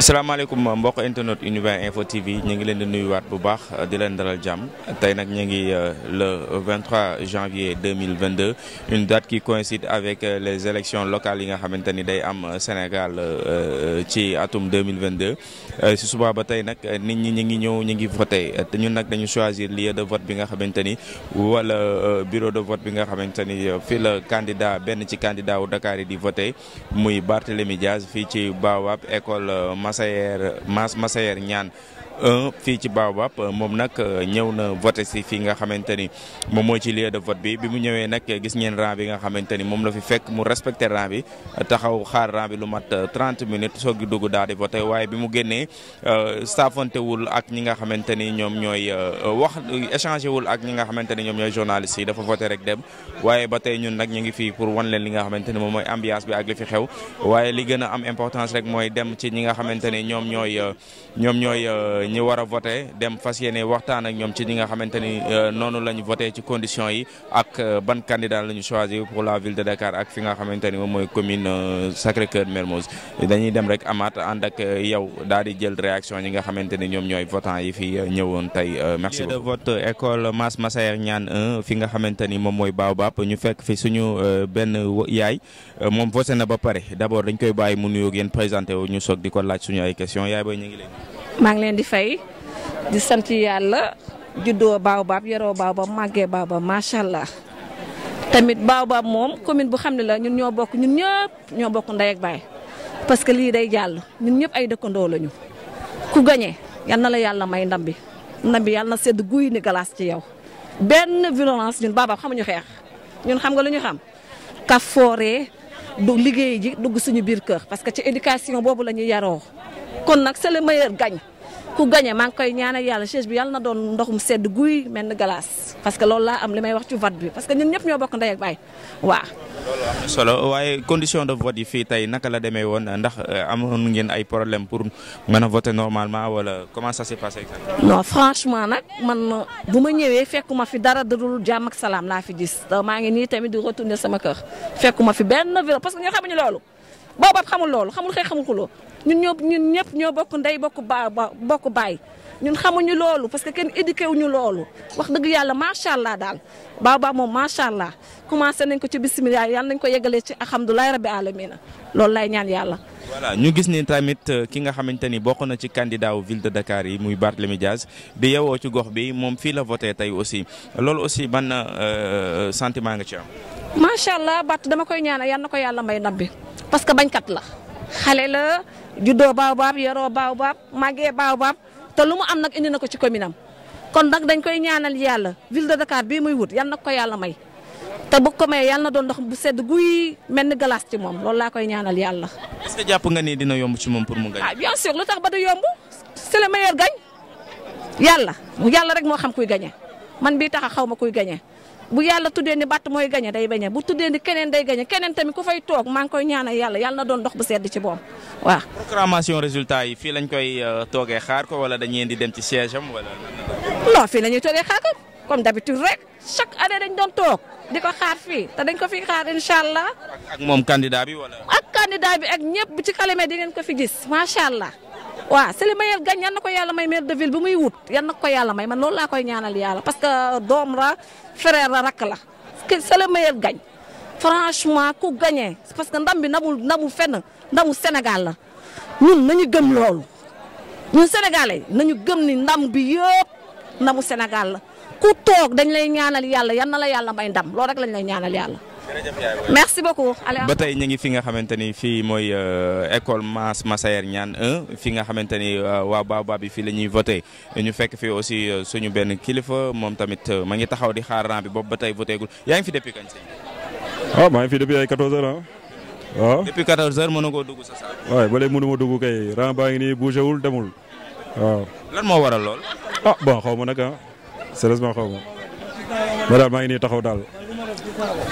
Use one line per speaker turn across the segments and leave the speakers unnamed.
salaamaaleykum mbokk internet Univers Info TV ñu ngi leen di waat bu baax uh, di leen dalal jàmm tey nag ñu ngi uh, le 23 janvier 2022 une date qui coïncide avec uh, les élections locales yi nga xamante ni day am Sénégal ci atum 2022 si suba ba tey nag nit ñi ñu ngi ñëw ñu ngi voté te ñun nag dañu choisir lieu de vote bi nga xamante ni wala bureau de vote bi nga xamante ni fii la candidat benn ci candidat wu Dakar yi di voté muy Barthélémy Diaz fii ci Baobab école Massayer Mass Massayer ñaan 1 fii ci Baobab moom nag ñëw na voté si fii nga xamante ni moom mooy ci lieu de vote bi bi mu ñëwee nag gis ngeen rang bi nga xamante ni moom la fi fekk mu respecté rang bi taxaw xaar rang lu mat 30 euh, minutes soog di dugg daal di waaye bi mu génnee euh, saafantewul ak ñi nga xamante ni ñoom ñooy euh, wax échangé ak ñi nga xamante ni ñoom ñooy journalistes yi dafa voté rek dem waaye ba tey ñun nag ñu ngi fii pour wan leen li nga xamante ni moom mooy ambiance bi ak li fi xew waaye li gën a am importance rek mooy dem ci ñi nga xamante ni ñoom ñooy ñoom ñooy ñu war a voté dem fas yéene waxtaan ak ñoom ci ñi nga xamante ni euh, noonu la ñu voté ci conditions yi ak euh, ban candidat la ñu choisir pour la ville de Dakar ak fi nga xamante ni moom mooy commune euh, Sacré-Cœur Mermoz dañuy dem rek amaat ànd ak yow daal di jël réaction yi nga xamante ni ñoom ñooy votant yi fi ñëwoon tey merci beaucoup. de vote école Mass Massaer Niane 1 fi nga xamante ni moom mooy Baobab ñu fekk fi suñu benn yaay moom voté na ba pare d'abord dañ koy bàyyi mu nuyoog yéen présenté wu ñu soog di ko laaj suñu ay questions yaay booy ñu ngi leen
maa ngi leen di fay di sant yàlla juddoo Baobab yaroo Baobab màggee Baobab macha allah tamit Baobab moom commune bu xam ne la ñun ñoo bokk ñun ñëpp ñoo bokk ndey ak baay parce que lii day jàll ñun ñëpp ay dëkkandoo lañu ku gañe yal na la yàlla may ndam bi ndam yàlla na sedd guy ni galaas ci yow benn violence ñun Baobab xamuñu xeex ñun xam nga lu ñu xam kafooree du liggéey ji dugg suñu biir kër parce que ci éducation boobu la ñuy yaroo kon nag c'est le meilleur ku gañe maa ngi koy ñaanal yàlla chaise bi yàlla na doon ndoxum sedd guy mel ni parce que loolu laa am li may wax ci vote bi parce que ñun ñëpp ñoo bokk ndey ak baay waaw.
solo waaye condition de vote yi fii tey naka la demee woon ndax eh, amoon ngeen ay problème pour mën a voter normalement wala comment ça s'est passé exactement.
non franchement nag man bu ma ñëwee fekkuma fi dara dudul jàmm ak salaam laa fi gis maa ngi nii tamit di retourner sama kër fekkuma fi benn vélo parce que ñoo xamuñu loolu boobu xamul loolu xamul xëy xamul ñun ñoo ñun ñëpp ñoo bokk ndey bokk ba bokk baay ñun xamuñu loolu parce que kenn éduqué wuñu loolu wax dëgg yàlla macha allah daal baobab moom macha allah commencé nañ ko ci bisimilah yàlla nañ ko yeggalee ci alhamdulilah rabbi alamina loolu lay ñaan yàlla. ñu
gis ni tamit euh, ki nga xamante ni bokk na ci candidat wu ville de Dakar yi muy Barthélémy Dias bi yewoo ci gox bi moom fii la voté tey aussi loolu aussi ban euh, euh, sentiment nga ci am.
macha allah Bart dama koy ñaanal yal na ko yàlla may ndam bi parce que bañkat la. xale la juddoo baobab yaroo baobab màggee baobab te lu mu am nag indi na ko ci commune am kon nag dañ koy ñaanal yàlla ville de Dakar bii muy wut yal nag ko yàlla may te bu ko maye yàlla na doon ndox bu sedd guy mel ni glace ci moom loolu laa koy ñaanal yàlla.
est-ce que jàpp nga ni dina yomb ci moom pour mu gañ. ah
bien sûr lu tax ba du yomb c'est le meilleur gañ yàlla yàlla rek moo xam kuy gañe man bii tax a xaw ma kuy gañe bu yàlla tuddee ni bàtt mooy gañe day bañe bu tuddee ni keneen day gañe keneen tamit ku fay toog maa ngi koy ñaana yàlla yàlla na doon dox bu sedd ci boom
waaw.
programmation résultat yi fii lañ koy euh, toogee xaar ko wala dañu di dem ci siège am wala.
non fii la ñuy toogee xaar ko comme d'habitude rek chaque année dañ doon toog di ko xaar fii te dañ ko fi xaar incha allah.
ak moom candidat bi wala.
ak candidat bi ak ñëpp bu ci xalamee di ngeen ko fi gis macha allah. waaw Selim Mayel Gagne yan na ko yàlla may maire de ville bi muy wut yan na ko yàlla may man loolu laa koy ñaanal yàlla parce que doom la frère la rakk la Selim Mayel Gagne franchement ku gañe parce que ndam bi ndamul ndamul fenn ndamu senegal la ñun nañu gëm loolu ñun sénégalais nañu gëm ni ndam bi yëpp ndamu Sénégal la ku toog dañ lay ñaanal yàlla yan na la yàlla may ndam loolu rek lañ lay ñaanal yàlla. merci beaucoup. ba
tey ñu ngi fi nga xamante ni fii mooy euh, école Mass Massaër Niane 1 fi nga xamante ni euh, waa Baobab bi fii la ñuy voté ñu fekk fii aussi euh, suñu benn kilifa moom tamit ma ngi taxaw di xaar rang bi boobu ba tey voté gul yaa ngi fi depuis kañ sëñ
ah maa ngi fi depuis ay 14 heures ah. ah. mën na koo dugg sa saal. waaw mënu ma dugg kay rang baa ngi nii bougé wul demul waaw. Ah. lan moo waral lool. ah bon xaw ma nag ah sérieusement xaw ma. ma daal maa ngi nii taxaw daal.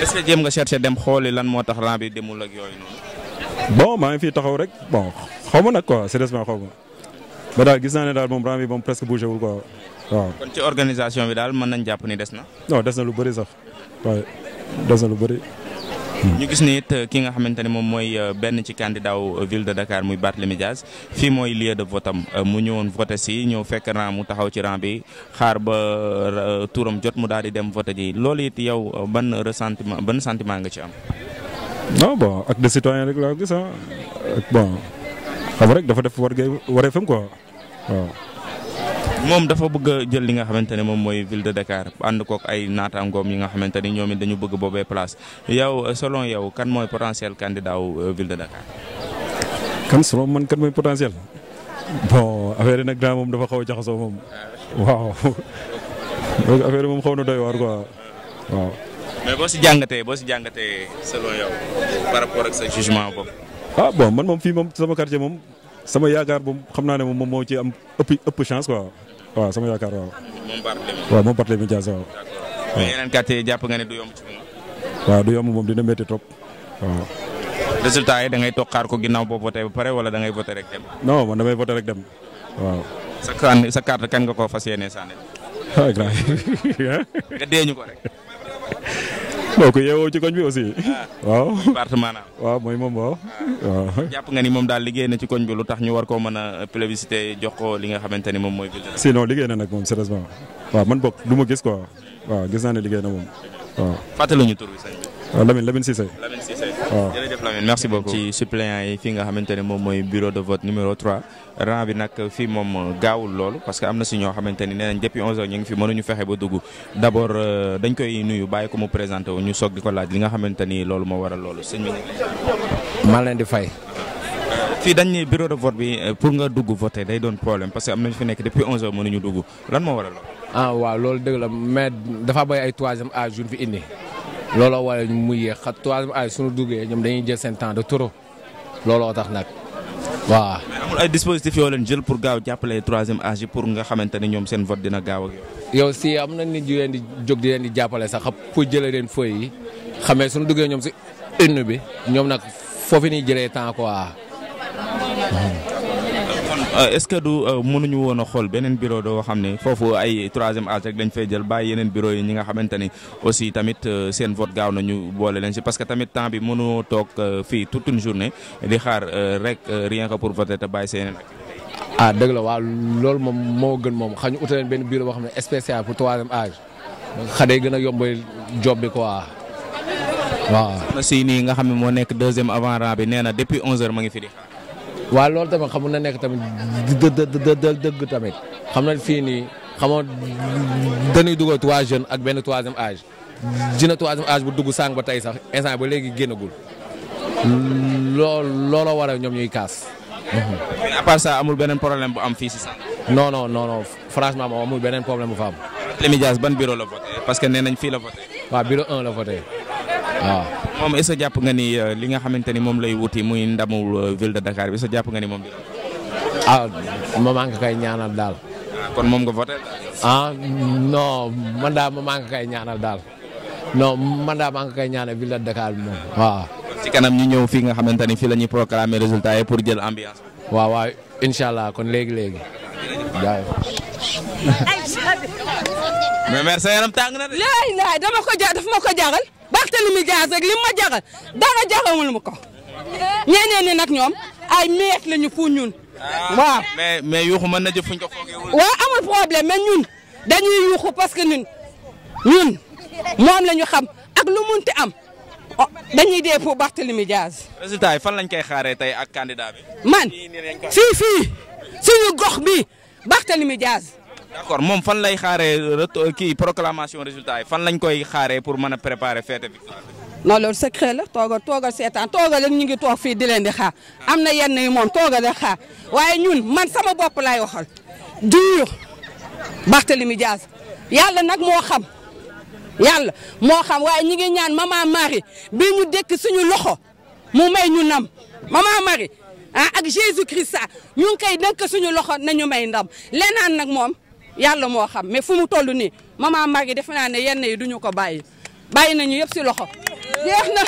est-ce
nga chercher dem xooli lan moo tax rang bi demul ak yooyu noonu.
bon maa ngi fii taxaw rek bon xaw ma nag ko sérieusement xaw ma ba daal gis naa ne daal moom rang bi moom presque bougé wul ko waaw.
kon ci organisation bi daal mën nañ jàpp ni des na.
non des na lu bëri sax waaye des na lu bëri.
ñu gis ne it ki nga xamante ne moom mooy benn ci candidat wu ville de Dakar muy Barthélémy Dias fi mooy lieu de vote am mu ñëwoon voté si ñëw fekk rang mu taxaw ci rang bi xaar ba tuuram jot mu daal di dem voté ji loolu it yow ban ressentiment ban sentiment nga ci am.
non bon ak de citoyen rek laa gis ah bon xam rek dafa def war waree fam quoi
moom dafa bëgg a jël li nga xamante ne moom mooy ville de Dakar ànd kook ay naataangoom yi nga xamante ni ñoom it dañu bëgg boobee place yow selon yow kan mooy potentiel candidat wu euh, ville de Dakar.
kan selon man kan mooy potentiel. bon affaire yi nag daa moom dafa xaw a jaxasoo moom. waaw affaire yi moom xaw na doy waar quoi
waaw. mais boo si jàngatee boo si jàngatee selon yow par rapport ak sa jugement bopp.
ah bon man moom fii moom sama quartier moom sama yaakaar moom xam naa ne moom moo ci am ëpp ëpp chance quoi. waaw sama yaakaar waaw. moom Barthélémy waaw moom Barthélémy Dias waaw.
yeneen kàtt yi jàpp nga ne du yomb ci moom.
waaw du yomb moom dina métti trop waaw.
résultat yi dangay ngay toog xaar ko ginnaaw boo voté ba pare wala da ngay voté rek dem.
non man damay voté rek dem waaw.
sa carte sa carte kan nga ko fa yéenee sànni. ah grave. nga ko rek. donc yeewoo ci koñ bi aussi. Ah. waaw département waaw mooy moom waaw. waaw jàpp nga ni moom daal liggéey na ci koñ bi lu tax ñu war koo mën a plébiscité jox ko li nga xamante ni moom mooy.
sinon liggéey na nag moom sérieusement waaw man bok du ma gis ko waaw gis naa ne liggéey na moom waaw. ñu tur bi sëñ
bi Ah, Lamine Lamine Cissé. Lamine Cissé waaw ah. jërëjëf Lamine merci beaucoup. ci suppléant yi fii nga xamante ne moom mooy bureau de vote numéro 3 rang bi nag fii moom gaawul loolu parce que am na si ñoo xamante ni nee nañ depuis 11h ñu ngi fi mënuñu fexe ba dugg d' abord euh, dañ koy nuyu bàyyi ko mu présenté wu ñu soog ko laaj li nga xamante ni loolu moo waral loolu sëñ bi. maa leen di fay. Euh, fii dañ ne bureau de vote bi euh, pour nga dugg voter day doon problème parce que am nañu fi nekk depuis 11h mënuñu dugg lan moo waral loolu. ah waaw loolu dëgg la mais dafa bay ay troisième âge yu fi indi. looloo waaye ñu mu yéex xat troisième ay suñu duggee ñoom dañuy jël seen temps de trop looloo tax nag waaw. mais amul ay dispositifs jël pour gaaw jàppale troisième âge pour nga xamante ne ñoom seen vote dina gaaw ak yow. si am na nit yu di jóg di leen jàppale sax pour jëlee leen feuille yi xamee suñu duggee ñoom si une bi ñoom nag foofu ñuy jëlee temps ko quoi. Euh, est-ce que du euh, mënuñu woon a xool beneen bureau doo xam ne foofu ay troisième âge rek dañ fay jël bàyyi yeneen bureau yi ñi nga xamante ni aussi tamit euh, seen vote gaaw nañu boole leen si parce que tamit temps bi mënoo toog fii tout une journée di xaar rek rien que pour voter te bàyyi seen ah dëgg la waaw loolu moom moo gën moom xañ ñu utaleen benn bureau boo xam ne spécial pour troisième âge xale yi gën a yombal job bi quoi waaw. soxna si nii nga xam ne moo nekk deuxième avant rang bi nee na depuis 11h ma ngi fi waaye loolu tamit xam na nekk tamit dëgg tamit xam na fii nii xamoo dañuy dugal trois jeunes ak benn troisième âge dina troisième âge bu dugg sànq ba tey sax instant ba léegi génnagul loolu looloo waral ñoom ñuy kaas. mais à part amul beneen problème bu am fii si sax. non non non non franchement moom amul beneen problème bu fa am. Barthélémy ban bureau la voté parce que nee nañ fii la voté. waaw bureau 1 la voté. waaw moom est-ce que jàpp nga ni euh, li nga xamante ni moom lay wuti muy ndamu euh, ville de bi est jàpp nga ni moom. ah maman nga koy ñaanal daal. Ah, kon moom nga voté. ah non man daal maman nga koy ñaanal daal non man daal maa nga koy ñaanal ville de Dakar bi moom waaw. ci kanam ñu ñëw fii nga xamante ni fii la ñuy proclamer résultat yi pour jël ambiance. waaw waaw incha allah kon léegi léegi. mais mère
ko ja Barthélemy Dias rek li ma jaxal dara jaxawul ma ko ñeneen nag ñoom ay mees lañu pour ñun.
Ah,
waaw mais mais yuuxu mën na jëf fuñ ko foogee.
waaw amul problème mais ñun dañuy yuuxu parce que ñun ñun moom la ñu xam ak lu munti am oh, dañuy dee pour Barthélemy Dias.
résultat yi fan lañ koy xaaree tey ak kandidaa bi.
man fii fii suñu gox bi Barthélemy Dias.
d'accord moom fan lay xaaree kii proclamation résultat yi fan lañ koy xaaree pour mën a préparer fête victoire
bi. non loolu secret la toogal toogal seetaan tooga ak ñu ngi toog fii di leen di xaar am na yenn yi moom toogal ak xaar waaye ñun man sama bopp laay waxal dur Barthélémy Dias yàlla nag moo xam yàlla moo xam waaye ñi ngi ñaan maman Marie bi ñu dëkk suñu loxo mu may ñu nam maman Marie ah ak Jésus Christ ah, ñu ngi koy dëkk suñu loxo nañu may ndam lenaan nag moom. yàlla moo xam mais fu mu toll nii maman Maguette defe naa ne yenn yi duñu ko bàyyi bàyyi nañu yëpp si loxo jeex na.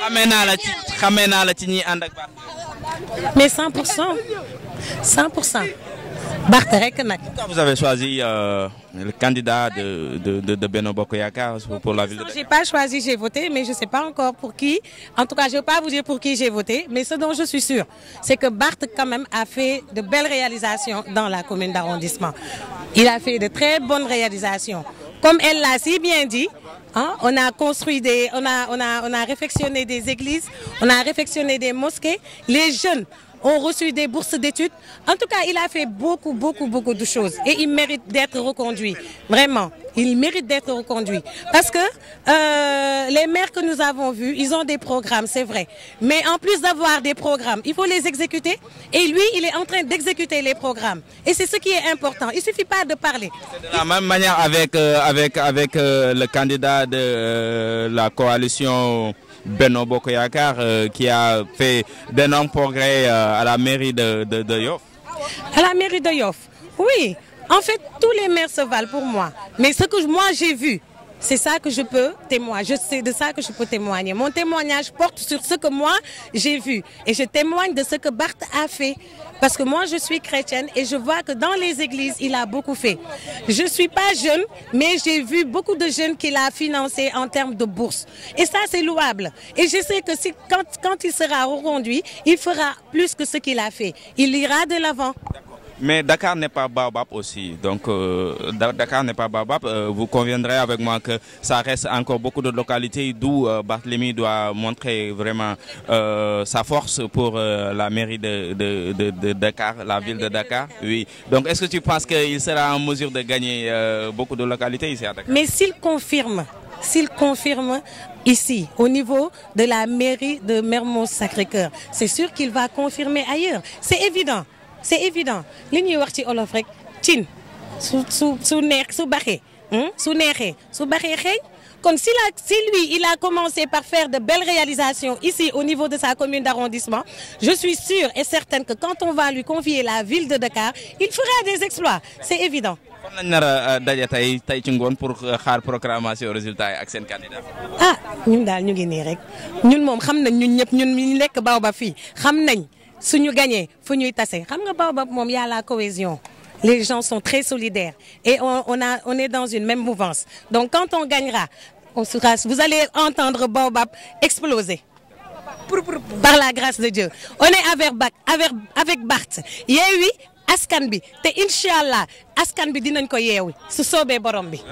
xamee naa la ci xamee naa la ci ñiy ànd ak. mais 100 pour 100 100 pour 100. baaxte rek nag. pourquoi
vous avez choisi euh, le candidat de de de, pour la ville de Dakar. j'ai
pas choisi j'ai voté mais je sais pas encore pour qui en tout cas je vous dire pour qui j'ai voté mais ce dont je suis sûre c'est que Barth quand même a fait de belles réalisations dans la commune d'arrondissement il a fait de très bonnes réalisations comme elle l'a si bien dit on a construit des églises on a réfectionné des mosquées les jeunes ont reçu des bourses d'études. En tout cas, il a fait beaucoup, beaucoup, beaucoup de choses et il mérite d'être reconduit. Parce que euh, les maires que nous avons vus, ils ont des programmes, c'est vrai. Mais en plus d'avoir des programmes, il faut les exécuter. Et lui, il est en train d'exécuter les programmes. Et c'est ce qui est important. Il ne suffit pas de parler. De
la avec, euh, avec, avec euh, le candidat de euh, la coalition Benno Bokoyakar euh, qui a fait d'énormes progrès euh, à la mairie de, de, de Yoff.
À la mairie de Yoff, oui. En fait, tous les maires se valent pour moi. Mais ce que moi j'ai vu, C'est ça que je peux témoigner. Je sais de ça que je peux témoigner. Mon témoignage porte sur ce que moi j'ai vu et je témoigne de ce que Barthes a fait parce que moi je suis chrétienne et je vois que dans les églises, il a beaucoup fait. Je suis pas jeune, mais j'ai vu beaucoup de jeunes qu'il a financés en termes de bourse. Et ça, c'est louable. Et je sais que si, quand, quand il sera reconduit, il fera plus que ce qu'il a fait. Il ira de l'avant.
Mais Dakar n'est pas Baobab aussi. Donc euh, Dakar n'est pas Baobab. Euh, vous conviendrez avec moi que ça reste encore beaucoup de localités d'où euh, Barthélemy doit montrer vraiment euh, sa force pour euh, la mairie de, de, de, de, Dakar, la, ville de Dakar. Oui. Donc est-ce que tu penses qu'il sera en mesure de gagner euh, beaucoup de localités ici à Dakar Mais
s'il confirme, s'il confirme ici, au niveau de la mairie de Mermoz-Sacré-Cœur, c'est sûr qu'il va confirmer ailleurs. C'est évident. c'est évident li ñuy wax ci olof rek cin su su su neex su baxee hmm? su neexee su baxee xeeñ kon si si lui il a commencé par faire de belles réalisations ici au niveau de sa commune d'arrondissement je suis sûre et certaine que quand on va lui confier la ville de Dakar il fera des exploits c'est évident.
kon lañ nar a daje tey tey ci ngoon pour euh, xaar programmation résultat yi ak seen candidat.
ah ñun daal ñu ngi rek ñun moom xam nañ ñun ñëpp ñun ñu lekk baobab fii xam nañ. suñu gañee fu ñuy tase xam nga Baobab moom y a la cohésion les gens sont très solidaires et on on a on est dans une même mouvance donc quand on gagnera on sera vous allez entendre Baobab exploser par la grâce de Dieu on est avec Bak avec avec Barth Askan bi te incha allah askan bi dinañ ko yeewi su soobee borom bi